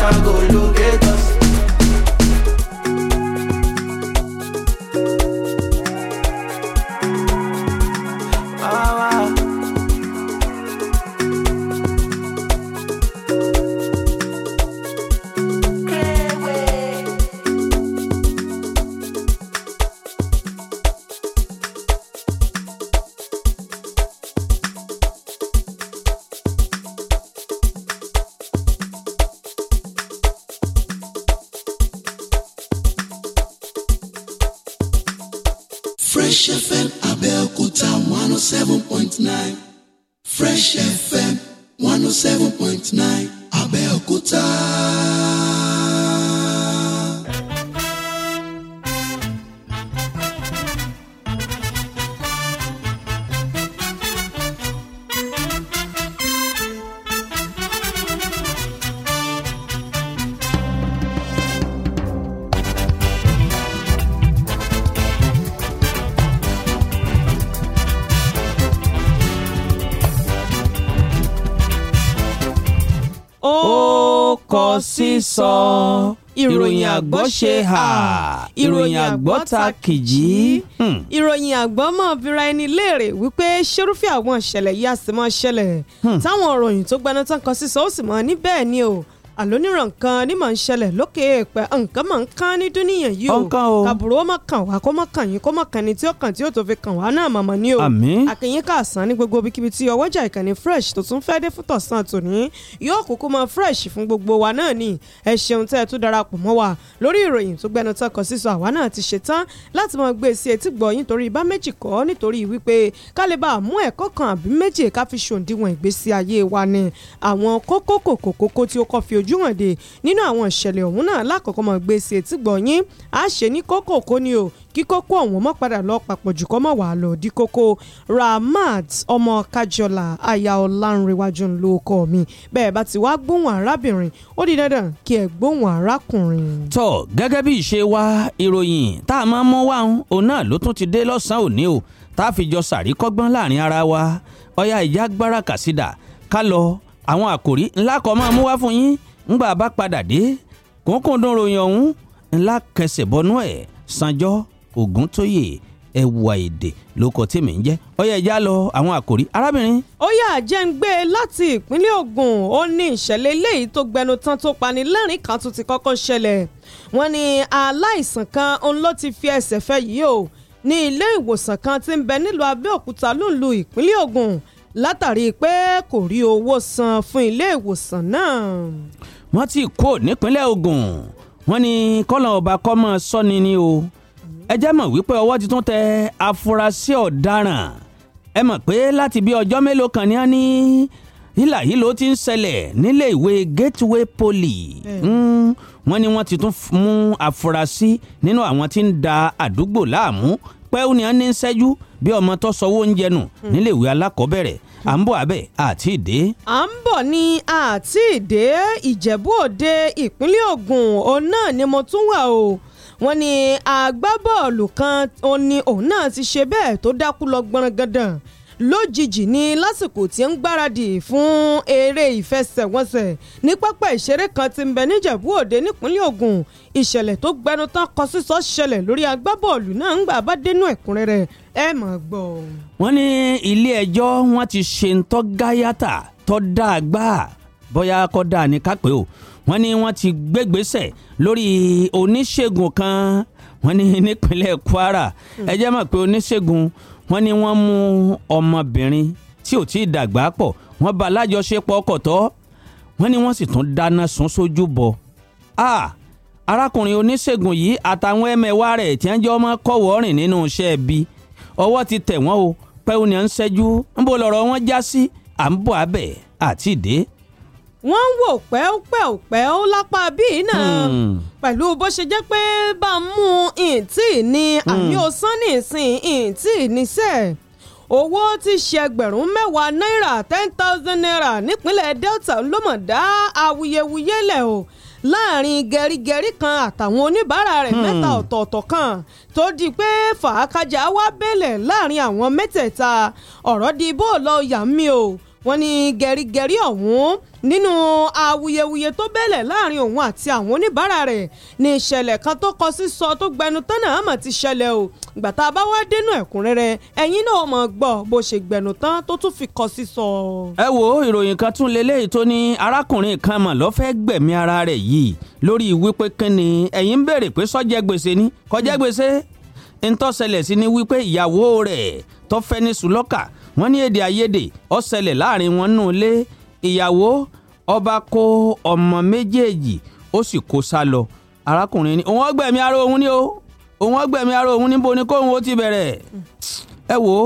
I'm gonna orúkọ sísọ ìròyìn àgbọ̀ ṣe hà ìròyìn àgbọ̀ ta kìjì. Hmm. ìròyìn àgbọ̀ máa bira ẹni léèrè wípé ṣerúfẹ́ àwọn ìṣẹ̀lẹ̀ yìí a sì máa ṣẹlẹ̀ hmm. táwọn òròyìn tó gbaná tán kan sísọ ó sì máa ní bẹ́ẹ̀ ni o àlóníran kan ní màá ń ṣẹlẹ̀ lókè èèpẹ̀ nǹkan máa ń kán ní dúníyàn yìí o kàbùrù ó má kàn wá kó má kàn yín kó má kàn ní tí ó kàn tí ó tó fi kàn wá náà màmá ni o àkìyín kàásán ní gbogbo ibikíbi tí ọwọ́jà ìkànnì fresh tó tún fẹ́ dé fún tọ̀sán tòní yóò kúkú máa fresh fún gbogbo wa náà ni ẹ ṣeun tẹ́ ẹ tún darapọ̀ mọ́ wa lórí ìròyìn tó gbẹnu tán kọ sísọ àwa náà ti ṣetán láti máa gbé sí etí gbọ́ yín torí ibà méjì kọ́ nítorí wípé ká lè mú ẹ̀kọ́ kan àbí méjì ká fi ṣòǹdíwọ̀n ìgbésí ayé wa ni àwọn kókó kòkòkókó tí ó kọ́ fi ojú Ojúmọ̀dé nínú àwọn ìṣẹ̀lẹ̀ ọ̀hún náà lákọ̀ọ́kọ́ mọ̀ gbé sí etí gbọ̀nyín á ṣe ní kókó kó ni o kí kókó ọ̀hún mọ́ padà lọ papọ̀ jù kọ́ mọ̀ wá lọ di kókó Ramat ọmọ Kájọlá aya Ọlánrewájú ń lo ọkọ mi bẹ́ẹ̀ bá ti wá gbóhùn arábìnrin ó di dandan kí ẹ gbóhùn arákùnrin. tọ gẹ́gẹ́ bí ìṣe wa ìròyìn tá a máa mọ wá òun náà ló tún ti dé lọ́sàn-án òní o tá a fi jọ sàríkọ́gbọ́n láàrin ara wa ọ̀ya ìjà gbára kàsídà ká lọ àwọn àkòrí ńlá kan máa mú wá fún yín ńgbà bá padà dé kòńkòndó ròyìn ọ̀hún ńlá kẹsẹ̀ bọnú ẹ̀ sanjọ́ ògúntóyè ẹwà èdè ló kọ tèmi ń jẹ́ ọyẹ ìjà lọ àwọn àkòrí arábìnrin. ó yà jẹ́ ń gbé e láti ìpínlẹ̀ Ògùn ó ní ìṣẹ̀lẹ̀ eléyìí tó gbẹnu tán tó pani lẹ́rìn kan tó ti kọ́kọ́ ṣẹlẹ̀ wọ́n ní aláìsàn kan òun ló ti fi ẹsẹ̀ fẹ́ yìí o ní ilé ìwòsàn kan tí ń bẹ nílùú Abẹ́òkúta lóńlù ìpínlẹ̀ Ògùn látàrí pé kò rí owó san fún ilé ìwòsàn náà wọ́n ti kó nípínlẹ̀ Ògùn wọ́n ní kọ́lọ̀ ọba kọ́mọ sọ́ni ni o ẹ jẹ́ mọ̀ wípé ọwọ́ ti tún tẹ afurasí ọ̀daràn ẹ mọ̀ pé láti bí ọjọ́ mélòó kan ní á ní hílà yìí ló ti ń ṣẹlẹ̀ nílé ìwé Gateway Poly hmm, wọ́n ní wọ́n ti tún mú afurasí nínú àwọn tí ń da àdúgbò láàmú pẹ́ẹ́wù ni á ní ń ṣẹ́jú bí ọmọ tó sọ owó oúnjẹ nù hmm. nílé ìwé alákọ̀ọ́bẹ̀rẹ̀ à ń bọ̀ abẹ́ àti ìdè. à ń bọ̀ ni àti ìdè ìjẹ̀bú òde ìpínlẹ̀ Ògùn òun náà ni mo tún wà o wọ́n ní agbábọ́ọ̀lù kan òun ni òun náà ti ṣe bẹ́ẹ̀ tó dákú lọ gbọ̀nrangandan lójijì ní lásìkò tí ń gbáradì fún eré ìfẹsẹ̀wọnsẹ̀ ní pápá ìṣeré kan tí ń bẹ níjẹ̀bú òde nípínlẹ̀ Ògùn ìṣẹ̀lẹ̀ tó gbẹnu tán kọ sísọ ṣẹlẹ̀ lórí agbábọ́ọ̀lù náà ń gbà bá dénú ẹ̀kúnrẹ́rẹ́ ẹ máa gbọ́. wọ́n ní ilé ẹjọ́ wọn ti ṣe ń tọ́ gáyàtà tọ́ dáa gbáà bóyá kọ́ dáa ní kápẹ́ o wọ́n ní wọ́n ti gbégbèsè lórí oníṣègùn kan wọ́n ní nípínlẹ̀ Kwara hmm. ẹ mọ̀ pé oníṣègùn wọ́n ní wọ́n mú ọmọbìnrin tí ò tí ì dàgbà pọ̀ wọ́n bá alájọṣepọ̀ ọkọ̀ tọ́ wọ́n ní wọ́n sì tún dáná sun sójú bọ̀ a arákùnrin oníṣègùn yìí àtàwọn ẹmẹ̀wá rẹ̀ tí wọ́n jẹ́ ọmọ kọ̀wọ́ rìn nínú iṣẹ́ ibi ọwọ́ ti tẹ̀ wọ́n o pẹ́ùn ni à ń ṣẹ́jú ń bọ̀ lọ́rọ̀ wọn já sí à ń bọ̀ abẹ́ àti ìdè wọ́n ń wò pẹ́ọ́pẹ́ọ́pẹ́ ó lápá bíi náà hmm. pẹ̀lú bó ṣe jẹ́ pé bá a mú ìntì ní hmm. àmì ọ̀sán nìsín ìntì níṣẹ́ owó ti ṣe ẹgbẹ̀rún mẹ́wàá náírà ten thousand naira nípínlẹ̀ Delta ló mọ̀ dá awuyewuye lẹ̀ o láàrin gẹ̀rígẹ̀rí kan àtàwọn oníbàárà rẹ̀ hmm. mẹ́ta ọ̀tọ̀ọ̀tọ̀ kan tó di pé fàákàjà wá bẹ̀lẹ̀ láàrin àwọn mẹ́tẹ̀ẹ̀ta ọ̀rọ̀ di bó lọ yà mí o wọ́n ní gẹ̀rígẹ̀rí ọ̀hún nínú awuyewuye tó bẹ́lẹ̀ láàrin òun àti àwọn oníbàárà rẹ̀ ní ìṣẹ̀lẹ̀ kan tó kọ sísọ tó gbẹnu tán náà mà ti ṣẹlẹ̀ o ìgbà tá a bá wá dénú ẹ̀kúnrẹ́rẹ́ ẹ̀yin náà mọ̀ gbọ́ bó ṣe gbẹnu tán tó tún fi kọ sísọ. ẹ wo ìròyìn kan tún leléyìí tó ní arákùnrin kan mà ló fẹ́ gbẹ̀mí ara rẹ̀ yìí lórí wípé kínni ẹ̀yin ń béèrè pé sọ́jẹ́ gbèsè ni kọjẹ́ gbèsè ntọ́sẹlẹ̀ sí ni wípé ìyàwó rẹ̀ tó fẹ́ ní sùlọ́kà wọ́n ní èdè àìyedè ó ṣẹlẹ̀ láàrin wọn nù lé ìyàwó ọba kó ọmọ méjèèjì ó sì kó sá lọ arákùnrin ni òun ọgbẹ̀mí ara òun ni o òun ọgbẹ̀mí ara òun níbo ni kóun ó ti bẹ̀rẹ̀ ẹ wo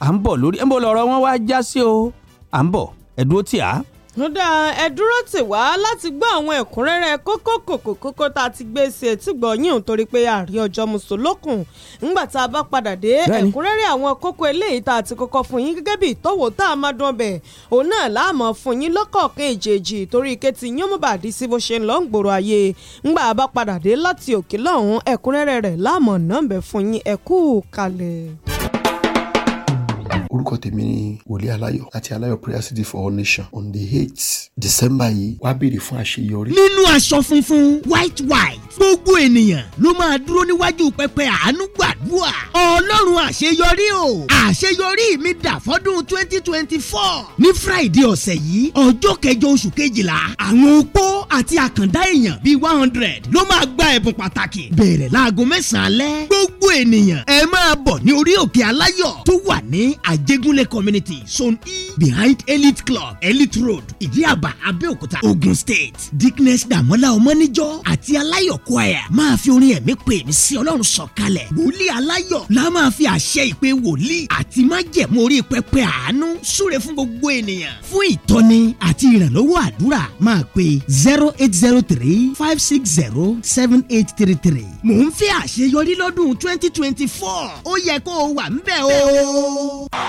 à ń bọ̀ lórí ẹ ń bọ̀ lọ́rọ̀ wọn wá já sí o à ń bọ̀ ẹ tì á kúndà ẹ dúró tì wá láti gbọ́ àwọn ẹ̀kúnrẹ́rẹ́ kókó kòkó kókó tá a ti gbé sí etí gbọ̀nyìn nítorí pé àárín ọjọ́ mùsùlùkùn ńgbà tá a bá padà dé ẹ̀kúnrẹ́rẹ́ àwọn kókó eléyìí tá a ti kọ́kọ́ fún yín gẹ́gẹ́ bí ìtọ́wò tá a máa dán bẹ̀ òun náà láàmú fún yín lọ́kọ̀ọ̀kan èjèèjì torí ike ti yín mú bàdí sí bó ṣe ń lọ ń gbòòrò ayé ńgbà a bá padà dé láti òkè lọ́hùn orúkọ tèmi ni wòlíì aláyọ̀ láti aláyọ̀ prayer city for all nations on the eight december yìí wàá béèrè fún àṣeyọrí. nínú aṣọ funfun white white gbogbo ènìyàn ló máa dúró níwájú pẹpẹ àánú gbàdúrà ọlọ́run àṣeyọrí o àṣeyọrí mi dà fọ́dún twenty twenty four ní friday ọ̀sẹ̀ yìí ọjọ́ kẹjọ oṣù kejìlá àwọn opó àti àkàndá èèyàn bíi one hundred ló máa gba ẹ̀bùn pàtàkì bẹ̀rẹ̀ láago mẹ́sàn-án alẹ́ gbogbo ènìyàn ẹ máa bọ̀ ní orí òkè aláyọ̀ tó wà ní àjọ Ajegunle community zone E behind elite club elite road ìdíàbà Abẹ́òkúta Ogun state Dickness Dàmọ́lá ọmọníjọ́ àti aláyọ̀ choir máa fi orin ẹ̀mí pè mí sí ọlọ́run sọ̀kalẹ̀ wòlíì aláyọ̀ la máa fi àṣẹ ìpè wòlíì àti májẹ̀mú orí pẹpẹ àánú súre fún gbogbo ènìyàn fún ìtọ́ni àti ìrànlọ́wọ́ àdúrà máa pe zero eight zero three five six zero seven eight three three mò ń fẹ́ àṣeyọrí lọ́dún twenty twenty four ó yẹ kó o wà ń bẹ̀ o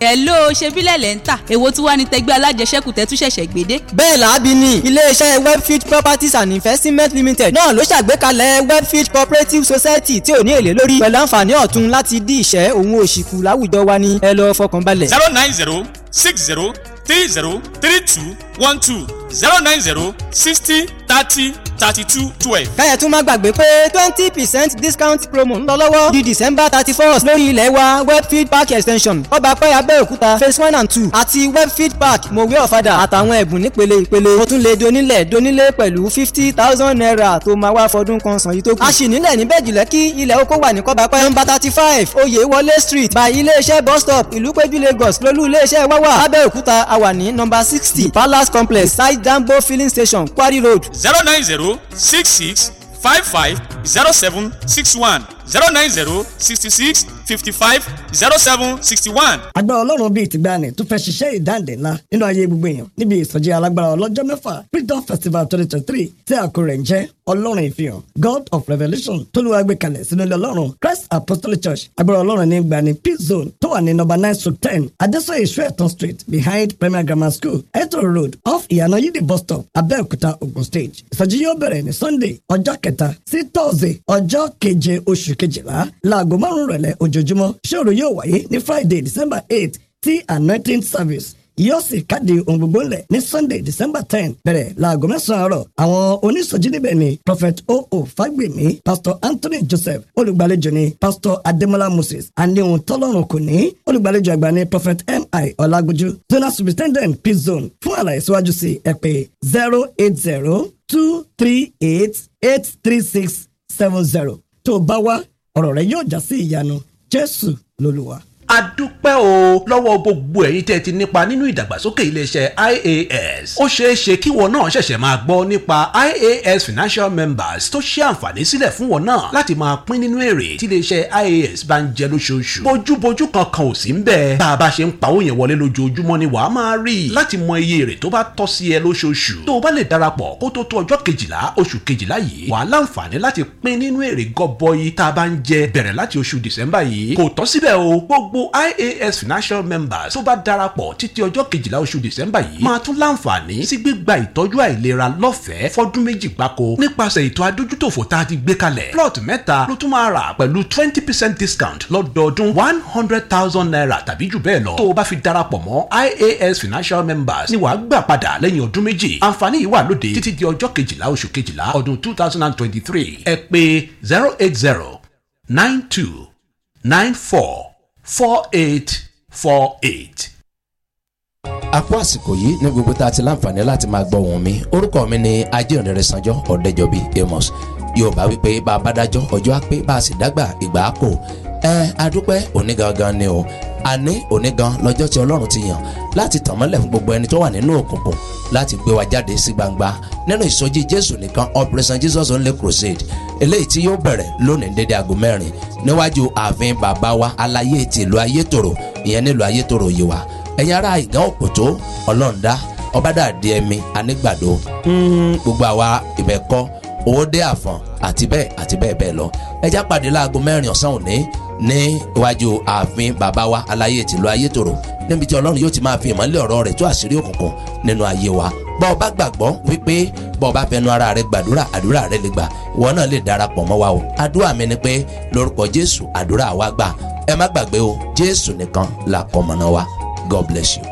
hello ṣebílẹ̀ lẹ́ ń tà èwo tí wàá ní tẹgbẹ́ alájẹsẹ́kù tẹ́tú ṣẹ̀ṣẹ̀ gbédé. bẹ́ẹ̀ làábí ni iléeṣẹ́ webfield properties and investment limited náà ló ṣàgbékalẹ̀ webfield cooperative society tí ò ní èlé lórí pẹ̀lú àǹfààní ọ̀tun láti dí ìṣẹ́ òun òṣìkù láwùjọ wa ni ẹ lọ fọkàn balẹ̀. zero nine zero six zero three zero three two one two zero nine zero sixty thirty thirty two twelve. káyọ̀ tún má gbàgbé pé twenty percent discount promo ń lọ lọ́wọ́ di december thirty first lórí ilẹ̀ wa webfield park extension ọba pẹ́ abẹ́òkúta phase one and two àti webfield park mòwe ọ̀fadà àtàwọn ẹ̀bùn nípele ìpele o tún lè donílẹ̀ donílẹ̀ pẹ̀lú fifty thousand naira tó máa wá fọdún kan sàn yìí tó kù. a sì nílẹ̀ níbẹ̀ jùlẹ̀ kí ilẹ̀ oko wà ní kọ́ba pẹ́. number thirty five oyèwọlé street by iléeṣẹ́ bus stop ìlú péjú lagos lólú iléeṣẹ́ wáwà abẹ́òkúta àwà ní nọ́mbà sixty palace complex side dambo filling station quarry road. zero nine zero six six five five zero seven six one zero nine zero sixty six fifty five zero seven sixty one. àgbà ọlọ́run bíi tìgbàanì tó fẹ́ ṣiṣẹ́ ìdáǹdè ńlá nínú ayé gbogbo èèyàn níbi ìsọjí alágbára ọlọ́jọ́ mẹ́fà freedom festival twenty twenty three tí àkórè ń jẹ́ ọlọ́run ìfihàn god of revelation tólúwa gbé kalẹ̀ sínú ilé ọlọ́run christ apostolic church agbára ọlọ́run ní gbani peace zone tó wà ní nọ́mbà nine to ten adesoye sueton street behind premier grammar school eto road off ìyànà yídì bus stop abẹ́òkúta ogun state ìsọjí yóò bẹ̀rẹ̀ ní sunday ọjọ́ kẹta sí thursday ọjọ́ keje oṣù kejìlá láago márùn-ún rẹ̀lẹ̀ ojoojúmọ́ ṣòro yóò wáyé ní friday december eight ti anointing service yóò sì káde ohun gbogbo ńlẹ̀ ní sunday december ten bẹ̀rẹ̀ láago mẹ́sàn-án àárọ̀ àwọn onísọjí níbẹ̀ ni prophet oo fagbemi pastor anthony joseph olùgbàlejò ni pastor Ademola moses àníhun tọ́lọ́run kò ní olùgbàlejò àgbà ni prophet mi ọlágójú zonal superintendent p-zone fún àlàyé síwájú sí ẹ pè zero eight zero two three eight eight three six seven zero tó o bá wá ọ̀rọ̀ rẹ yóò já sí ìyanu jésù lolúwa a dúpẹ́ o lọ́wọ́ gbogbo ẹ̀yin tẹ́ ti nípa nínú ìdàgbàsókè iléeṣẹ́ IAS ó ṣeé ṣe kí wọn náà ṣẹ̀ṣẹ̀ máa gbọ́ nípa IAS financial members tó ṣe àǹfààní sílẹ̀ fún wọn náà láti máa pín nínú èrè tí iléeṣẹ́ IAS bá ń jẹ lóṣooṣù bójúbójú kankan ò sí ń bẹ bá a bá ṣe ń pawó yẹn wọlé lójoojúmọ́ ni wàá máa rí láti mọ iye èrè tó bá tọ́ sí ẹ lóṣooṣù tó o bá lè darapọ̀ kó tó tó ọjọ́ kejìlá oṣù kejìlá yìí wàá láǹfààní láti pín nínú èrè gọbọyì tá a bá ń jẹ bẹ̀rẹ̀ láti oṣù December yìí kò tọ́ síbẹ̀ o gbogbo gbogbo IAS financial members tó bá darapọ̀ títí ọjọ́ kejìlá oṣù december yìí máa tún láǹfààní sí gbígba ìtọ́jú àìlera lọ́fẹ̀ẹ́ fọ́dún méjì gbáko nípasẹ̀ ètò adójútòfò tá a ti gbé kalẹ̀ plot mẹ́ta ló tún máa rà pẹ̀lú twenty percent discount lọ́dọọdún one hundred thousand naira tàbí jù bẹ́ẹ̀ lọ tó o bá fi darapọ̀ mọ́ IAS financial members ni wàá gbà padà lẹ́yìn ọdún méjì àǹfààní yìí wà lóde títí di ọjọ́ kejìlá oṣù kejìlá ọdún two thousand and twenty-three ẹ pè zero eight zero nine two nine four 4848. a kú àsìkò yìí ní gbogbo tá a ti láǹfààní láti máa gbọ́ ohùn mi orúkọ mi ni ajínrere sanjọ ọ̀dẹ́jọbí amos yorùbá wípé bá a bá dájọ́ ọjọ́ á pé bá a sì dágbà ìgbà á kò ẹ adúpẹ́ òní gangan ni o àní òní gan lọ́jọ́ tí ọlọ́run ti yàn láti tàn mọ́lẹ̀ fún gbogbo ẹni tó wà nínú òkùnkùn láti gbé wa jáde sí gbangba nínú ìsọjí jésù nìkan operation jesus only crusade eléyìí tí yóò bẹ̀rẹ̀ lónìí dédé aago mẹ́rin níwájú ààfin bàbá wa aláyé tìlú ayétòrò ìyẹn nílùú ayétòrò yìí wa ẹ̀yin ará ìgán òkòtó ọlọ́ọ̀dá ọbádàdé ẹ̀mí anígbàdo hmm. gbogbo àwa ìbẹ̀kọ́ òwòdé àfọ̀n àti bẹ́ẹ̀ àti bẹ́ẹ̀ bẹ́ẹ̀ lọ ẹjá pàdé láago mẹ́rin ọ̀sán òní ní iwájú ààfin bàbá wa aláyé tìlú ayétòrò níbi tí ọlọ́run yóò ti máa fi ìmọ́lẹ̀ ọ̀rọ̀ rẹ̀ tú àṣírí òkùnkùn nínú ayé wa bọ́ ọ bá gbàgbọ́ wípé bọ́ ọ bá fẹnu ara rẹ gbàdúrà àdúrà rẹ lè gbà ìwọ náà lè darapọ̀ mọ́ wa o àdúrà mi ni pé lórúkọ Jésù àdúrà wa gbà ẹ má gbàgbé o Jésù nìkan là kọ̀mọ̀nà wa God bless you.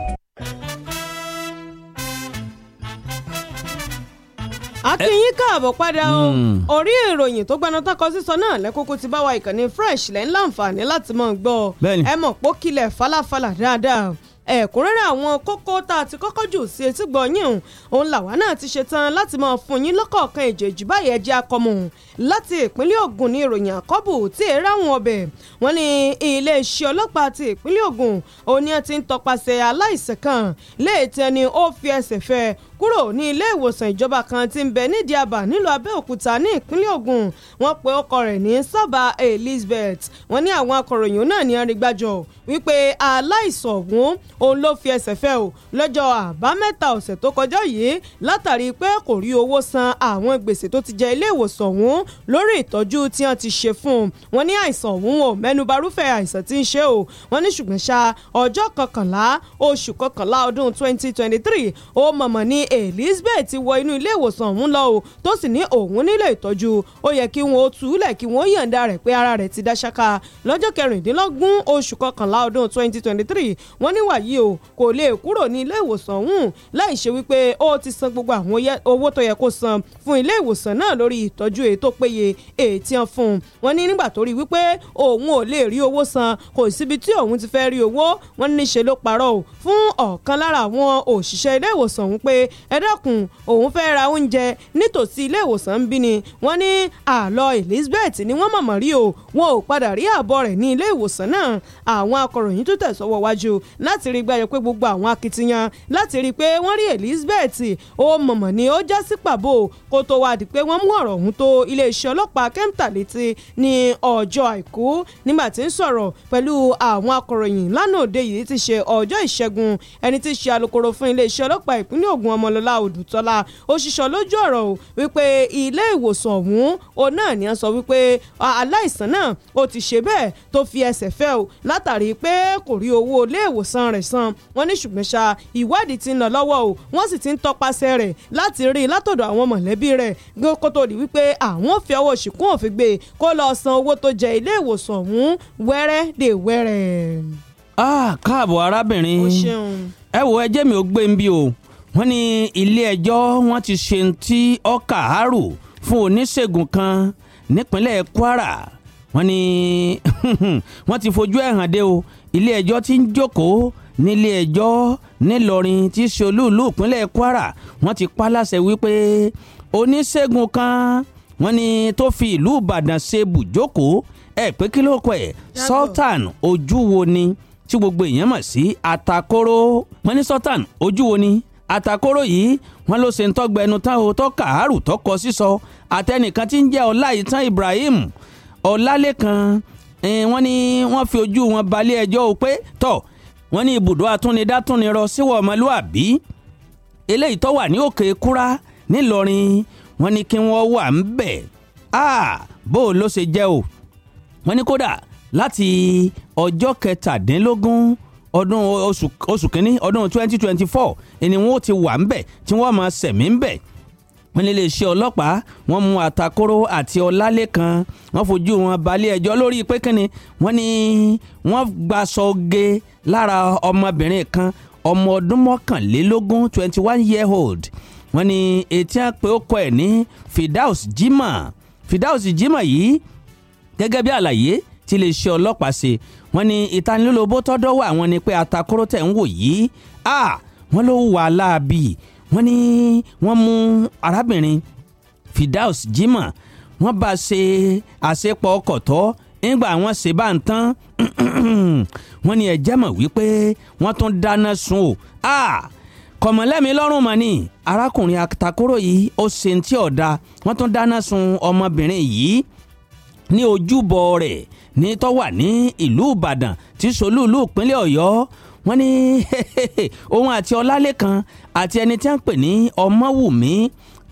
akínyín káàbọ̀ padà o hmm. orí ìròyìn tó gbaná tọkọ sísọ náà lẹ́kókó ti bá wa ìkànnì fresh lẹ́ńláǹfààní láti mọ̀ gbọ́ ẹ mọ̀ pókìlẹ̀ falafala dáadáa ẹ̀kúnrẹ́rẹ́ àwọn kókó tá a ti kọ́kọ́ jù sí etí gbọ̀nyìn òun làwa náà ti ṣetán láti máa fún yín lọ́kọ̀ọ̀kan ìjèjì báyìí ẹ̀jẹ̀ akọmọ̀hún láti ìpínlẹ̀ Ògùn ní ìròyìn àkọ́bù tí èrè àwọn ọbẹ̀ wọ́n ní iléeṣẹ́ ọlọ́pàá ti ìpínlẹ̀ Ògùn òní ti ń tọpasẹ̀ aláìsàn kan léètì ẹni ó fi ẹsẹ̀ fẹ́ kúrò ní ilé ìwòsàn ìjọba kan tí ń bẹ nídìí àbá nílùú Abẹ́òkúta ní ìpínlẹ̀ Ògùn wọ́n pe ọkọ rẹ̀ ní Sábà Elizabeth wọ́n ní àwọn akọ̀ròyìn náà ní arígbájọ wípé aláìsàn ọ̀hún òun ló fi ẹsẹ̀ fẹ́ o lọ́jọ́ àbámẹ́ta ọ̀sẹ̀ tó kọjá yìí látàrí pé kò rí owó san àwọn gbèsè tó ti jẹ ilé ìwòsàn ọ̀hún lórí ìtọ́jú tí wọ́n ti ṣe fún un wọ́n ní àìsàn òun ò mẹ́nubarúfẹ́ àìsàn tí ń ṣe o wọ́n ní ṣùgbọ́n ṣá ọjọ́ kọkànlá oṣù kọkànlá ọdún 2023 ó mọ̀mọ́ ní Elizabeth ti wọ inú ilé ìwòsàn òun lọ o tó sì ní òun nílò ìtọ́jú ó yẹ kí wọ́n ó túlẹ̀ kí wọ́n yọ̀ǹda rẹ̀ pé ara rẹ̀ ti dá ṣáká lọ́jọ́ kẹrìndínlógún oṣù kọkànlá ọdún 2023 wọ́n ní wàyí o kò lè kúrò ní ilé ìwòsàn ọ̀hún láì ṣe wípé ó ti san gbogbo àwọn owó tó yẹ kó san fún ilé ìwòsàn náà lórí ìtọ́jú ètò péye ètí hàn fún un wọ́n ní nígbà tó rí wípé òun ò lè rí owó san kò síbi tí òun ti fẹ́ rí owó wọ́n ní ló parọ́ o fún ọ̀kan lára àwọn òṣìṣẹ́ ilé ìwòsàn ọ̀hún pé ẹ òun fẹ́ ra oúnjẹ nítòsí ilé ìwòsàn ń bí ni wọ́n ní àlọ́ Elizabeth ni wọ́n mọ̀mọ́ rí o wọn ò padà rí àbọ̀ rẹ̀ ní ilé ìwòsàn náà àwọn akọ̀ròyìn tó tẹ̀sọ́wọ́ wájú láti rí gbáyọ pé gbogbo àwọn akitiyan láti rí i pé wọ́n rí Elizabeth ó mọ̀mọ́ ni ó já pàbó kó tó wá di pé wọ́n mú ọ̀rọ̀ ọ̀hún tó ilé iléeṣẹ́ ọlọ́pàá kẹ́ńtà létí ní ọjọ́ àìkú nígbà tí ń sọ̀rọ̀ pẹ̀lú àwọn akọ̀ròyìn lánàá òde yìí ti ṣe ọjọ́ ìṣẹ́gun ẹni tí ṣe alukoro fún iléeṣẹ́ ọlọ́pàá ìpínlẹ̀ Ògùn Ọmọlọ́lá Odùtọ́lá ó lójú ọ̀rọ̀ o wípé ilé ìwòsàn ọ̀hún òun náà ni a sọ wípé aláìsàn náà ó ti ṣe bẹ́ẹ̀ tó fi ẹsẹ̀ fẹ́ o látàrí pé kò rí owó ilé ìwòsàn rẹ̀ san wọ́n ní ṣùgbọ́n ṣá ìwádìí ti ń lọ lọ́wọ́ o wọ́n sì ti ń tọpasẹ̀ rẹ̀ láti rí i látọ̀dọ̀ àwọn mọ̀lẹ́bí rẹ̀ kó tó di wípé àwọn wọn fi ọwọ́ ṣìkún òfin gbé e kó lọ san owó tó jẹ ilé ìwòsàn ọ̀hún wẹ́rẹ́ dè wẹ́rẹ́. ah káàbọ̀ arábìnrin ẹ wo ẹjẹ́ mi ò gbé ń bí o wọ́n ní ilé ẹjọ́ wọ́n ti ṣe ti ọkà àrò fún oníṣègùn kan nípínlẹ̀ Kwara wọ́n ní wọ́n ti fojú ẹ̀ hàn dé o ilé ẹjọ́ ti ń jókòó nílé ẹjọ́ nílọrin tí í ìpínlẹ̀ Kwara wọ́n ti pa láṣẹ wípé oníṣègùn kan wọ́n ní tó fi ìlú ìbàdàn ṣe bùjókòó ẹ̀ pé kí ló kọ ẹ̀ sultan ojúwo ni tí gbogbo èèyàn mọ̀ sí atakoro wọ́n ní sultan ojúwo ni atakoro yìí wọ́n ló ṣe ń tọ́gbà ẹnu tán o tó kàárù tó kọ sísọ àtẹnìkan tí ń jẹ́ ọláìtàn ibrahim ọlálẹ́kan wọ́n ní wọ́n fi ojú wọn balẹ̀ ẹjọ́ o pé tọ̀ wọ́n ní ibùdó atúnidátúnirọ síwọ̀ ọmọlúàbí eléyìí tó wà ní òkè kúrá nílọrin wọ́n ní kí wọ́n wà ń bẹ̀ ah, bó ló ṣe jẹ́ o wọ́n ní kódà láti ọjọ́ kẹtàdínlógún ọdún oṣù kínní ọdún twenty twenty four ni wọ́n ti wà ń bẹ̀ tí wọ́n máa ṣẹ̀mí ń bẹ̀ wọ́n ní iléeṣẹ́ ọlọ́pàá wọ́n mú àtakóró àti ọlálékan wọ́n fojú wọn balẹ̀ ẹjọ́ lórí pé kínni wọ́n ní wọ́n gbaṣọ oge lára ọmọbìnrin kan ọmọ ọdún mọ́kànlélógún twenty one year old wọ́n ní etí àpè ó kọ ẹ̀ ní Fidaus Jima Fidaus Jima yìí gẹ́gẹ́ bí àlàyé tí iléeṣẹ́ ọlọ́pàá ṣe wọ́n ní ìtanilólobó tọ́dọ́wọ́ àwọn ni pé atakóró tẹ̀ ń wò yìí à wọ́n ló wà láàbì wọ́n ní wọ́n mú arábìnrin Fidaus Jima wọ́n bá ṣe àṣepọ̀ ọkọ̀ tọ́ nígbà wọ́n ṣe bá ń tán wọ́n ní ẹ̀jẹ̀ mọ̀ wípé wọ́n tún dáná sun o Ah! kọ̀mọ́lẹ́mi lọ́rùn mọ́ ni arákùnrin àtàkùrọ̀ yìí ó ṣe ń tí ọ̀dà wọ́n tún dáná sun ọmọbìnrin yìí ní ojúbọ rẹ̀ ní tó wà ní ìlú Ìbàdàn tí solú ìlú ìpínlẹ̀ Ọ̀yọ́ wọ́n ní òun àti Ọlálékan àti ẹni tí wọ́n ń pè ní Ọmọwùmí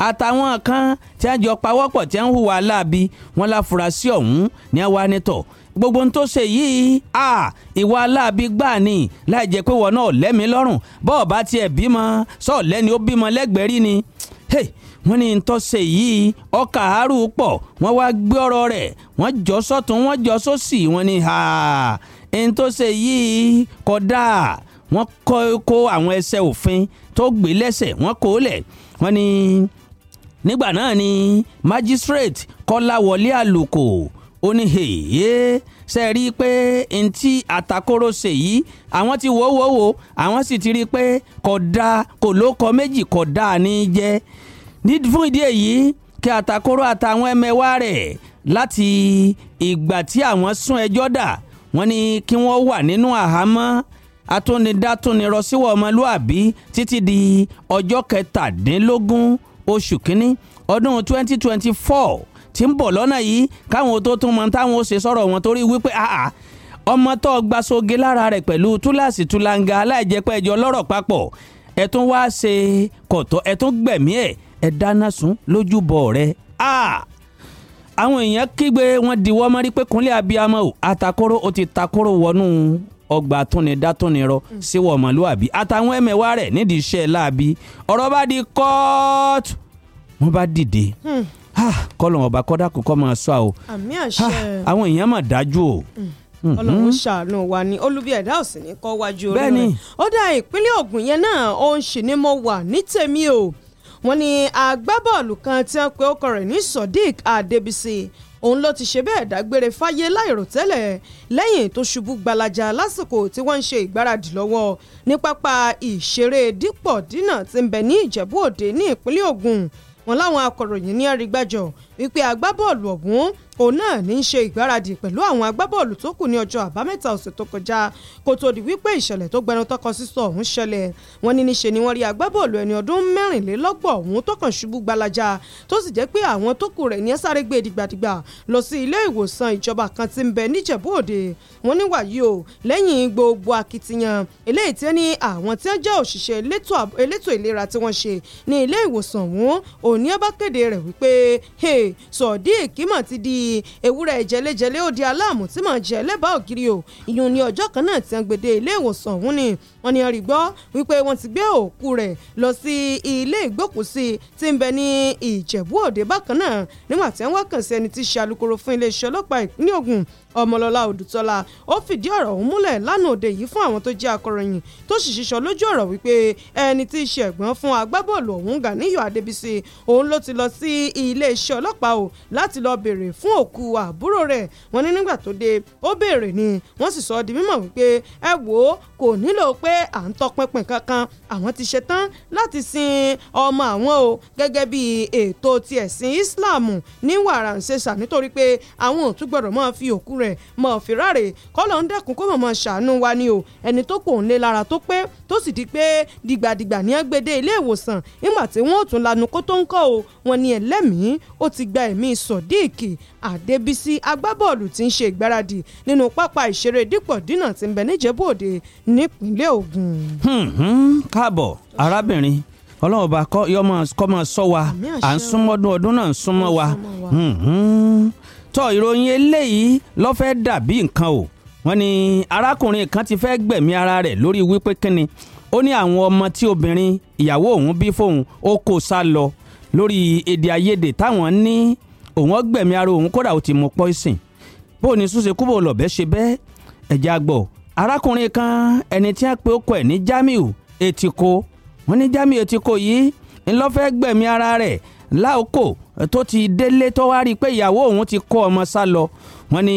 àtàwọn kan tí wọ́n jọ pawọ́pọ̀ tí wọ́n ń hùwà láabi wọ́n láfurasí ọ̀hún ní àwa nítọ̀ gbogbo ohun tó ṣe yìí à ìwà aláàbí gbà ni láì jẹ́ pé wọn náà lẹ́mìí lọ́rùn bọ́ọ̀ bá tiẹ̀ bímọ sọ lẹ́ni ó bímọ lẹ́gbẹ̀ẹ́rì ni wọ́n ní tó ṣe yìí ọkà àárò pọ̀ wọ́n wá gbé ọ̀rọ̀ rẹ̀ wọ́n jọ sọ́tún wọ́n jọ sósì wọ́n ní ẹni tó ṣe yìí kódà wọ́n kó àwọn ẹsẹ̀ òfin tó gbé lẹ́sẹ̀ wọ́n kó lẹ̀ wọ́n ní nígbà náà ni magistrate kọ́láwọlé àlùkò ó ní hèyé ṣe rí i pé ntí àtàkóró ṣe yìí àwọn ti wò wò wò àwọn sì ti rí i pé kò dáa kò ló kọ méjì kò dáa ní í jẹ́ ní fún ìdí èyí kí àtàkóró àtàwọn ẹmẹ̀wà rẹ̀ láti ìgbà tí àwọn sún ẹjọ́ dà wọ́n ní kí wọ́n wà nínú àhámọ́ atúnidátúnirọ síwọ ọmọlúàbí títí di ọjọ́ kẹtàdínlógún oṣù kínní ọdún twenty twenty four tí ń bọ̀ lọ́nà yìí káwọn tó tún mọ táwọn ó ṣe sọ̀rọ̀ wọn torí wípé àà ọmọ tó gba soge lára rẹ̀ pẹ̀lú túláàsì túlanga aláìjẹpẹ ẹjọ lọ́rọ̀ papọ̀ ẹ tún wá ṣe kọ̀tọ̀ ẹ tún gbẹ̀mí ẹ̀ ẹ dáná sun lójúbọ rẹ̀ àà àwọn èèyàn kígbe wọn diwọ́ mọ́rí pé kúnlẹ̀ abiyamọ o àtàkóró o ti takóró wọnú ọgbà túnidá túnirọ hmm. síwọ ọmọlúwàbí àtàwọn ẹmẹ̀wà rẹ̀ nídìí iṣẹ́ láabi ọ̀rọ̀ bá di kóòtù wọn bá dìde. Hmm kọlọ̀n ọba kọ́dà kò kọ́ máa sọ o àwọn èèyàn mà dájú o. Mm. Mhm. Ọlọ́run ṣàánú wa ni olubi ẹ̀dá òsì ní kọ́ wájú orí rẹ̀ ó dá ìpínlẹ̀ Ògùn yẹn náà ó ń ṣì ní mo wà ní tèmi o wọ́n ní agbábọ́ọ̀lù kan tí wọ́n pe ọkọ rẹ̀ ní Sodiq Adebisi òun ló ti ṣe bẹ́ẹ̀ dágbére fáyé láìròtẹ́lẹ̀ lẹ́yìn tó ṣubú gbalaja lásìkò tí wọ́n ń ṣe ìgbáradì lọ́wọ́ ní pápá ìṣeré dípọ̀ dínà tí ń bẹ ní Ìjẹ̀bú Òde ní ìpínlẹ̀ Ògùn wọn láwọn akọ̀ròyìn ní àrígbájọ wípé agbábọ́ọ̀lù ọ̀hún òun náà ní í ṣe ìgbáradì pẹ̀lú àwọn agbábọ́ọ̀lù tó kù ní ọjọ́ àbámẹ́ta ọ̀sẹ̀ tó kọjá kó tó di wípé ìṣẹ̀lẹ̀ tó gbẹnu tọkọ sísọ ọ̀hún ṣẹlẹ̀ wọ́n ní níṣe ni wọ́n rí agbábọ́ọ̀lù ẹni ọdún mẹ́rìnlélọ́gbọ̀n ọ̀hún tó kàn ṣubú gbalaja tó sì jẹ́ pé àwọn tó kù rẹ̀ ní ẹ́ sáré gbé e dìgbàdìgbà lọ sí ilé ìwòsàn ìjọba kan tí ń bẹ níjẹ̀bú òde wọ́n ní wàyí o lẹ́yìn gbogbo akitiyan eléyìí tí ní àwọn tí wọ́n jẹ́ òṣìṣẹ́ elétò ìlera tí wọ́n ṣe ní ilé ìwòsàn ọ̀hún òní ẹ bá kéde rẹ̀ wípé Sodiq Kimo ti di ewúrẹ́ jẹlẹ́jẹlẹ́ ó di aláàmú tí màá jẹ lẹ́bàá ògiri o ìyún ní ọjọ́ kan náà tí wọ́n gbé dé ilé ìwòsàn ọ̀hún ni wọ́n ní rí gbọ́ wípé wọ́n ti gbé òkú rẹ̀ lọ sí ilé ìgbókùsí tí ń bẹ ní Ìjẹ̀bú Òde bákan náà nígbà tí wọ́n kàn sí ẹni tí ṣe alukoro fún iléeṣẹ́ ọlọ́pàá ìpínlẹ̀ Ògùn ọmọlọ́lá odùtọ́lá ó fìdí ọ̀rọ̀ ọ̀hún múlẹ̀ lánàá òde yìí fún àwọn tó jẹ́ akọ̀ròyìn tó sì ṣiṣọ́ lójú ọ̀rọ̀ wípé ẹni tí í ṣe ẹ̀gbọ́n fún agbábọ́ọ̀lù ọ̀hún Ganiyu Adébísí òun ló ti lọ sí iléeṣẹ́ ọlọ́pàá o láti lọ béèrè fún òkú àbúrò rẹ̀ wọ́n ní nígbà tó dé ó béèrè ni wọ́n sì sọ ọ́ di mímọ̀ wípé ẹ wò ó kò nílò pé à ń tọpinpin kankan àwọn ti ṣetán láti sin ọmọ àwọn o gẹ́gẹ́ bí ètò ti ẹ̀sìn Islam ní wàrà ń ṣe sà nítorí pé àwọn ò tún máa fi òkú r rẹ̀ mọ̀ fìràrè kọ́lọ̀ ń dẹ́kun kó mọ̀mọ́ ṣàánú wa ni o ẹni tó kò ń lé lára tó pé tó sì di pé dìgbàdìgbà ní agbede ilé ìwòsàn nígbà tí wọ́n ò tún lanu kó tó ń kọ́ o wọn ni ẹlẹ́mìí ó ti gba ẹ̀mí sọ̀díìkì àdébísí agbábọ́ọ̀lù tí ń ṣe ìgbáradì nínú pápá ìṣeré dípọ̀ dínà tí ń bẹ níjẹ̀bú-Òde nípínlẹ̀ Ògùn. Hmm, káàbọ̀ arábìnrin ọlọ́run ọba kọ́ máa sọ wa à ń súnmọ́dún ọdún náà ń súnmọ́ wa tọ́ ìròyìn eléyìí ló fẹ́ dàbí nǹkan o wọ́n ní arákùnrin kan ti fẹ́ gbẹ̀mí ara rẹ̀ lórí wípé kínni ó ní àwọn ọmọ tí obìnrin ìyàwó òun bí fóun ó kó sá lọ lórí èdè àìyedè táwọn ní òun gbẹ̀mí ara òun kódà ó ti mu pọ́ìsìn bó ní súnṣe kúbò lọ̀bẹ́ ṣe bẹ́ẹ̀ ẹ̀jẹ̀ àgbọ̀ arákùnrin kan ẹni tí wọ́n pe ó kọ ẹ̀ ní Jamiu Etiko wọ́n ní Jamiu Etiko yìí ńlọ́fẹ́ gbẹ̀mí ara rẹ̀ láòkó tó ti délé tó wá rí i pé ìyàwó òun ti kó ọmọ sá lọ wọn ni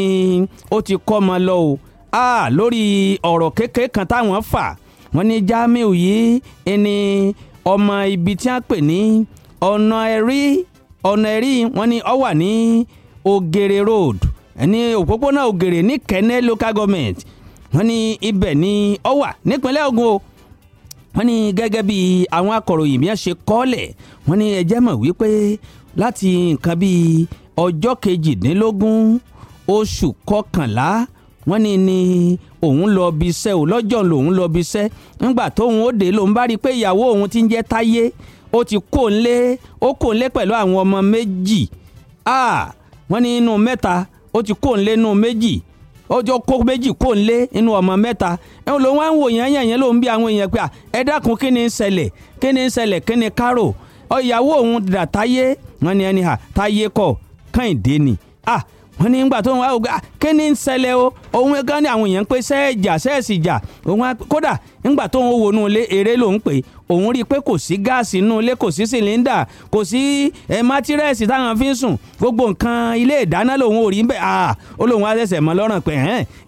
ó ti kó ọmọ lọ o ah lórí ọ̀rọ̀ kékeré kan táwọn fà wọn ní Jamiu yìí ẹni ọmọ ibi tí wọ́n pè ní ọ̀nà ẹ̀rí ọ̀nà ẹ̀rí wọn ni ó wà ní Ogere Road ní òpópónà Ogere ní Kẹ́nẹ́ local government wọn ní ibẹ̀ ni ó wà nípínlẹ̀ Ògùn o wọ́n ní gẹ́gẹ́ bí àwọn akọ̀ròyìn bí wọ́n ṣe kọ́ọ̀lẹ̀ wọ́n ní ẹjẹ́ mọ̀ wípé láti nǹkan bíi ọjọ́ kejìdínlógún oṣù kọkànlá wọ́n ní ní òun lọ bí iṣẹ́ ò lọ́jọ́ lòun lọ bí iṣẹ́ ńgbà tóun ó dé lòun bá rí pé ìyàwó òun ti ń jẹ́ táyé ó ti kó ó kó pẹ̀lú àwọn ọmọ méjì wọ́n ní inú mẹ́ta ó ti kó inú méjì ọjọ́ méjì kó inú ọmọ mẹ́ta ẹ̀hún ń wò yẹn yẹn lòun bí àwọn wọ́n ní ẹni hà táyé kọ̀ kàìndé ni ah wọ́n ní gbà tó ń wá ògá kí ni ń ṣẹlẹ̀ o òun gan ni àwọn èèyàn ń pè sẹ́ẹ̀jà sẹ́ẹ̀sì jà òun kódà ńgbà tó ń wọnú ilé eré ló pè òun rí i pé kò sí gáàsì inú ilé kò sí sìlíńdà eh, gbogbo nǹkan ilé ìdáná ò rí bẹ́ẹ̀ ó lòun ṣẹ̀ṣẹ̀ mọ́ lọ́rùn pé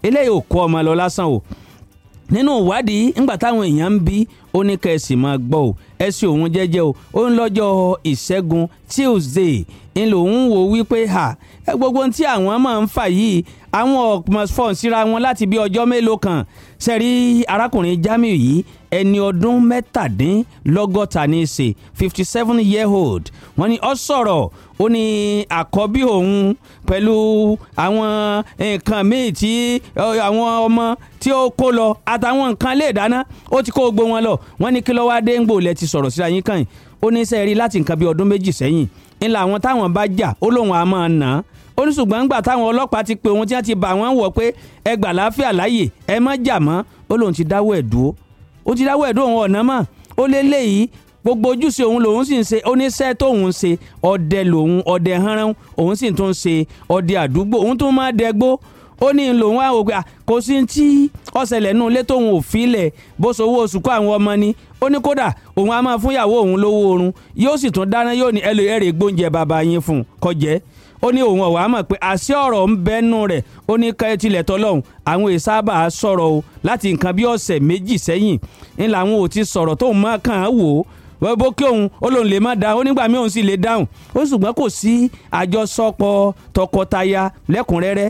eléyìí ò kọ́ ọmọ lọ lásán o nínú ìwádìí ńgbà táwọn èèyàn ń ó ní kẹ́ ẹ sì máa gbọ́ o ẹ sì òun jẹ́jẹ́ o ó ń lọ́jọ́ ìṣẹ́gun Tuesday ń lòun wò wípé ha gbogbo ohun tí àwọn máa ń fà yìí àwọn ọ̀pọ̀ fọ̀n síra wọn láti bí ọjọ́ mélòó kan sẹ́rí arákùnrin Jamiu yìí ẹni ọdún mẹ́tàdínlọ́gọ́ta ní í ṣe fifty seven year old wọ́n ní ó sọ̀rọ̀ ó ní àkọ́bí òun pẹ̀lú àwọn nǹkan míì tí àwọn ọmọ tí ó kó lọ àtàwọn nǹkan lè dáná ó ti kó gbogbo wọn lọ wọ́n ní kí ló wá dé ń gbòòlẹ̀ ti sọ̀rọ̀ síra yín kàn yín ó ní sẹ́ẹ̀rí láti nǹkan bíi ọdún méjì sẹ́yìn ńlá àwọn táwọn bá jà ó lóun á máa ó ní ṣùgbọ́n ńgbà táwọn ọlọ́pàá ti pe òun tí wọ́n ti bà wọ́n wọ̀ pé ẹ gbà láàfíà láàyè ẹ má jà mọ́ ó lóun ti dáwọ́ ẹ̀ dúró ó ti dáwọ́ ẹ̀ dúró òun ọ̀nà mọ́ ó lé léyìí gbogbo ojúṣe òun lòun sì ń ṣe oníṣẹ́ tóun ń ṣe ọdẹ lòun ọdẹ hánrán òun sì tún ń ṣe ọdẹ àdúgbò òun tún máa dẹgbó ó ní lòun á wò kò sí tí ọ̀sẹ̀lẹ̀ nù lé tóun ò filẹ̀ bó so owó oṣù kọ́ àwọn ọmọ ni ó ní kódà òun á máa fún ìyàwó òun lówó oorun yóò sì tún dáná yóò ní ẹlẹ́rìí gbóúnjẹ bàbá yín fún kọjẹ́ ó ní òun ọ̀wá mọ̀ pé àṣẹ ọ̀rọ̀ ń bẹ́nu rẹ̀ ó ní ká tọ́lọ́hún àwọn o láti nǹkan bí ọ̀sẹ̀ méjì sẹ́yìn ń làwọn ò ti sọ̀rọ̀ tóun mọ̀ kàn án wò ó bó kí òun ó lòun lè má dáhùn ó nígbà míì òun sì lè dáhùn ó kò sí àjọṣọpọ̀ tọkọtaya lẹ́kùnrẹ́rẹ́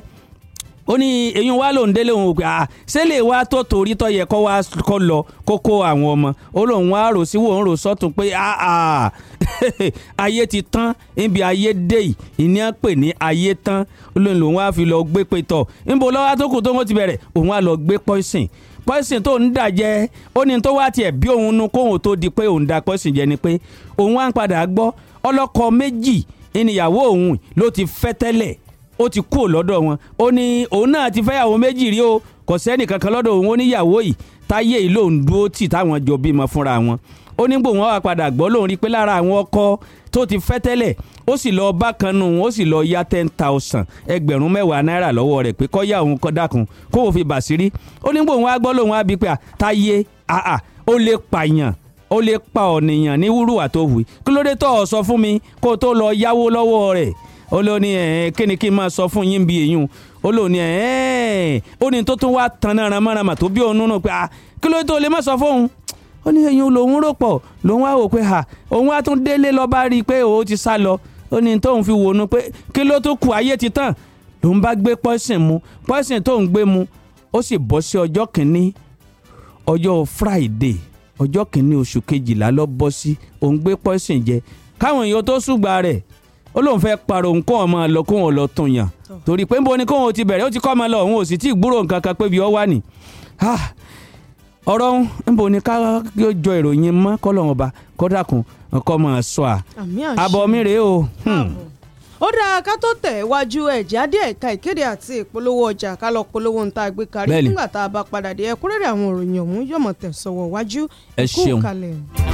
ó ní eyín wa lòun délé òun pé ah ṣé lè wá tó torí tó yẹ kó wá kó lọ kó kó àwọn ọmọ ó lòun wá rò sí wòun rò sọ́tún pé ah ah ayé ti tán níbi ayé dé yìí ìní à ń pè ní ayé tán lóun lòun wá fi lọ gbé pé tọ̀ níbo lọ́wọ́ tó kù tó ń ti bẹ̀rẹ̀ òun wá lọ gbé pọ́ìsìn pọ́ìsìn tó ń dà jẹ́ ó ní tó wá tiẹ̀ bí òun nu kóhun tó di pé òun da pọ́ìsìn jẹ ni pé òun wá ń padà gbọ́ ọlọ́kọ méjì ìníyàwó òun ló ti fẹ́ tẹ́lẹ̀ ó ti kúrò lọ́dọ̀ wọn ó ní òun náà ti fẹ́yàwó méjì rí o kò sẹ́ni kankan lọ́dọ̀ òun ó níyàwó yìí táyé yìí lòun dúró tì táwọn jọ bímọ fúnra wọn ó ní gbòòwò wá padà gbọ́ lòun rí i pé lára àwọn ọkọ tó ti fẹ́ tẹ́lẹ̀ ó sì lọ bá kan nù ó sì lọ ya ten thousand ẹgbẹ̀rún mẹ́wàá náírà lọ́wọ́ rẹ̀ pé kó yá òun kó dákun kó wò fi bàṣírí ó ní gbòòwò wá gbọ́ lòun á bí pé táyé àà ó lè pààyàn ó lè pa ọ̀nìyàn ní wúrúwà tó wù kí ló dé tó ọ̀ sọ fún mi kó tó lọ yáwó lọ́wọ́ rẹ̀ ó ló ní kíni kí n máa sọ fún yín bí èyún ó ló ní ó ní tó tún wá tan náà ramarama tó bí òun nínú pé ah, kí ló tó lè má sọ fóun ó ní èyún lòun rò pọ̀ lòun wá wò pé òun wá tún délé lọ bá rí i pé òun ti sá lọ ó ní tóun fi wònú pé kí ló tó kù ayé ti tán lòun bá gbé pọ́ìsìn mu pọ́ìsìn tóun gbé mu ó sì bọ́ sí ọjọ́ kìíní ọjọ́ Friday ọjọ́ kìíní oṣù kejìlá lọ bọ́ sí òun gbé pọ́ìsìn jẹ káwọn èèyàn tó ṣùgbà rẹ̀ ó lóun fẹ́ parọ́ òun kó ọmọ lọ kó òun lọ tún yàn torí pé nbo ni kó òun ti bẹ̀rẹ̀ ó ti kọ́ ọmọ lọ òun ò sì tí ì gbúrò nǹkan kan pé bí ọ wà ní. ọ̀rọ̀ nbo ni ká yóò jọ ìròyìn mọ́ kọ́lọ́hún ọba kọ́dàkùn ọkọ mọ̀ sọ à àbọ̀ mi rèé o. Hmm. ó dáa ká tó tẹ̀ wájú ẹ̀jẹ̀ adé ẹ̀ka ìkéde àti ìpolówó ọjà ká lọ polówó ń ta gbé kárí nígbà tá a bá padà dé ẹkúrẹ́rẹ́ àwọn òròyìn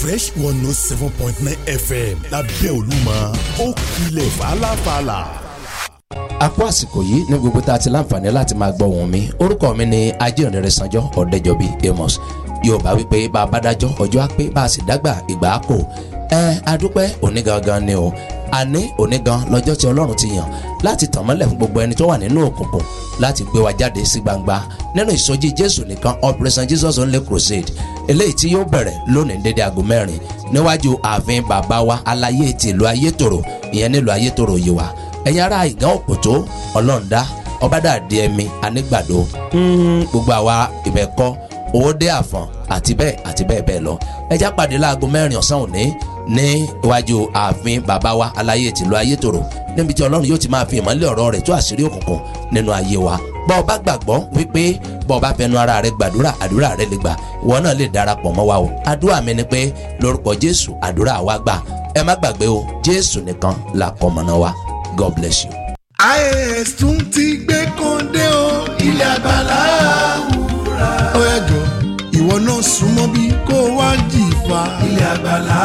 Fresh one note oh seven point nine FM lábẹ́ Olúmọ ó kilẹ̀ fàlàfàlà. a kú àsìkò yìí ní gbogbo tá a ti láǹfààní láti máa gbọ́ ohùn mi orúkọ mi ni ajínrere sanjọ ọ̀dẹ́jọbí Amos Yorùbá wípé bá a bá dájọ́ ọjọ́ á pé bá a sì dágbà ìgbà á ẹ adúpẹ́ òní ni o àní òní gan lọ́jọ́ tí Ọlọ́run ti yàn láti tàn mọ́lẹ̀ fún gbogbo ẹni tó wà nínú òkùnkùn láti gbé wa jáde sí gbangba nínú ìsọjí Jésù nìkan Operation Jesus Only Crusade eléyìí tí yóò bẹ̀rẹ̀ lónìí dédé aago mẹ́rin níwájú ààfin bàbá wa aláyé tìlú ayétòrò ìyẹn nílùú ayétòrò yìí wa ẹ̀yin ará ìgán òpòtó ọlọ́ọ̀dá ọbádàdé ẹ̀mí anígbàdo hmm. gbogbo àwa ìbẹ̀kọ́ òwòdé àfọ̀n àti bẹ́ẹ̀ àti bẹ́ẹ̀ bẹ́ẹ̀ lọ ẹjá pàdé láago mẹ́rin ọ̀sán òní ní iwájú ààfin bàbá wa aláyé tìlú ayétòrò níbi tí ọlọ́run yóò ti máa fi ìmọ́lẹ̀ ọ̀rọ̀ rẹ̀ tó àṣírí òkùnkùn nínú ayé wa bọ́ ọ bá gbàgbọ́ wípé bọ́ ọ bá fẹnu ara rẹ gbàdúrà àdúrà rẹ lè gbà ìwọ náà lè darapọ̀ mọ́ wa o àdúrà mi ni pé lórúkọ Jésù àdúrà wa gbà ẹ má gbàgbé o Jésù nìkan làkọmọ̀nà wa God bless you. IAS tún ti gbé kóńdé o ilẹ̀ àgbàlá àwùrà. ó yẹ ìwọ náà súnmọ́ bí kó wá jìfà. ilẹ̀ àgbàlá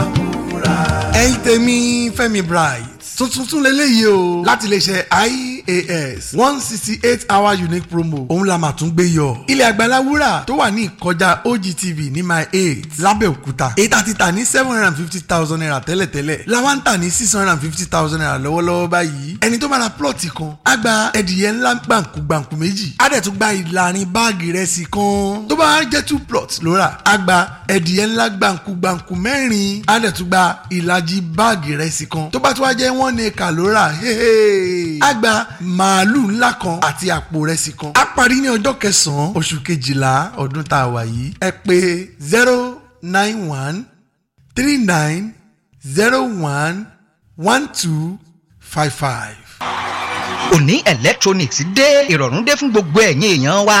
àwùrà. ẹ̀yin tèmi Fẹ́mi Bright tuntun tún lélẹ́yìí o láti lè ṣe IAS AS one sixty eight hour unique promo òun la máa tún gbé yọ. ilé àgbàlá wúrà tó wà ní ìkọjá OGTV ní my eight lábẹ́òkúta èyí tá ti tà ní seven hundred and fifty thousand naira tẹ́lẹ̀tẹ́lẹ̀ làwa ń tà ní six hundred and fifty thousand naira lọ́wọ́lọ́wọ́ báyìí ẹni tó bá ra plọ̀tì kan á gba ẹdìyẹ ńlá gbàǹkù gbàǹkù méjì á dẹ̀ tún gba ìlàrin báàgì rẹ̀ sí kan tó bá jẹ́ two plots lóra á gba ẹ̀dìyẹ ńlá gbàǹkù gbàǹkù mẹ́rin á dẹ̀ tún gba ìlàjì báàgì ìrẹsì kan tó bá tún wá jẹ́ wọ́n ní kàlórà á gba màálù ńlá kan àti àpò ìrẹsì kan á parí ní ọjọ́ kẹsàn-án oṣù kejìlá ọdún tá a wà yìí ẹ pè zero nine one three nine zero one one two five five. òní electronics dé ìrọ̀rùn dé fún gbogbo ẹ̀yin èèyàn wa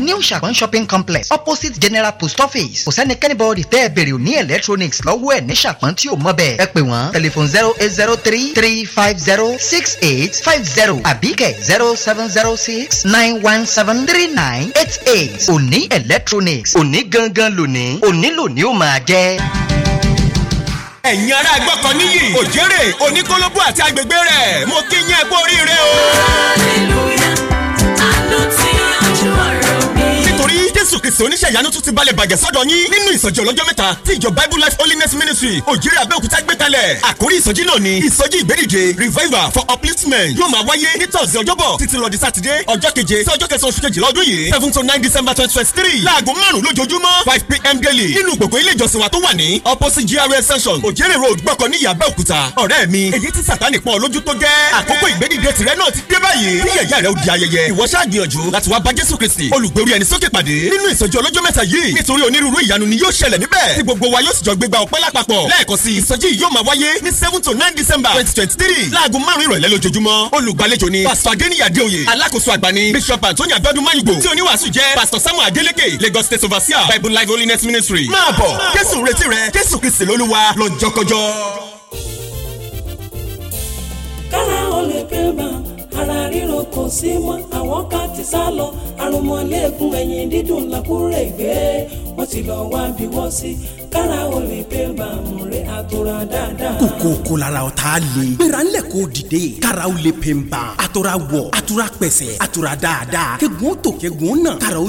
at new Ṣàpọ̀n shopping complex opposite general post office kò sẹ́nikẹ́ni bọ́ọ̀dì tẹ́ ẹ bèrè ní electronics lọ́wọ́ ẹ̀ ní Ṣàpọ̀n tí ò mọ̀ bẹ́ẹ̀ ẹ pè wọ́n telephone zero eight zero three three five zero six eight five zero àbíkẹ́ zero seven zero six nine one seven three nine eight eight òní electronics òní gangan lónìí òní lónìí ó máa jẹ́ ẹ̀yin ará gbọ́kọ̀ níyì òjèrè oníkólóbù àti agbègbè rẹ̀ mo kí yín ẹ kú oríire o. hallelujah àlùtí ojú ọ̀rẹ́ nítorí jésù kristi oníṣẹ́yanu tún ti balẹ̀ bàjẹ́ sọ́dọ̀ yín nínú ìsọjí ọlọ́jọ́ mẹ́ta tí ìjọ bible life holiness ministry òjìrì abẹ́òkúta gbé kalẹ̀ àkórí ìsọjí náà ni ìsọjí ìgbédìde revival for upliftment yóò máa wáyé ní tọ́sí ọjọ́bọ̀ títí lọ di sátidé ọjọ́ keje sí ọjọ́ kẹsàn-án oṣù kejì lọ́dún yìí seven to nine december twenty twenty three láago márùn-ún lójoojúmọ́ five pm daily nínú gbogbo ilé ìjọsìn wa tó wà ní opposite GRA extension òjèrè road gbọ́kọ̀ ní Abẹ́òkúta ọ̀rẹ́ mi èyí tí sàtánì pọ̀ lójú tó jẹ́ àkókò ìgbédìde tìrẹ náà ti dé báyìí bí yẹ̀yẹ́ rẹ ó di ayẹyẹ ìwọ ṣáà gbìyànjú láti wá bá jésù kristi olùgbèrú ẹni sókè pàdé nínú ìsọjí ọlọ́jọ́ mẹ́ta yìí nítorí onírúurú ìyanu ni yóò ṣẹlẹ̀ níbẹ̀ tí gbogbo wa yóò sì jọ gbégbá ọpẹ́ lápapọ̀ lẹ́ẹ̀kan sí ìsọjí yóò máa wáyé ní seven to nine december twenty twenty three láago márùn-ún ìrọ̀lẹ́ lójoojúmọ́ olùgbàlejò ni pásítọ̀ adéníyà adéoyè alákòóso àgbà ni bishop antoni abiodun mayigo tí oníwàásù jẹ́ samuel adeleke lagos state overseer bible life holiness ministry máa bọ̀ jésù retí rẹ jésù kristi lolúwa lọ́jọ́kọjọ́. kára olè ara ríro kò sí mọ́ àwọn ká ti sá lọ àròmọ lẹ́ẹ̀kún ẹ̀yìn dídùn làkúrẹ́ ìgbé wọ́n ti lọ wá bí wọ́n sí kára o lè pé bàmù rẹ̀ àtòrà dáadáa. kòkó kò lára o t'a gbéra ńlẹ̀ k'o dìde. kára o lè pè n ban. àtòrà wọ̀ àtòrà pẹ̀sẹ̀ àtòrà dáadáa. kẹ́gun tó kẹ́gun náà. kára o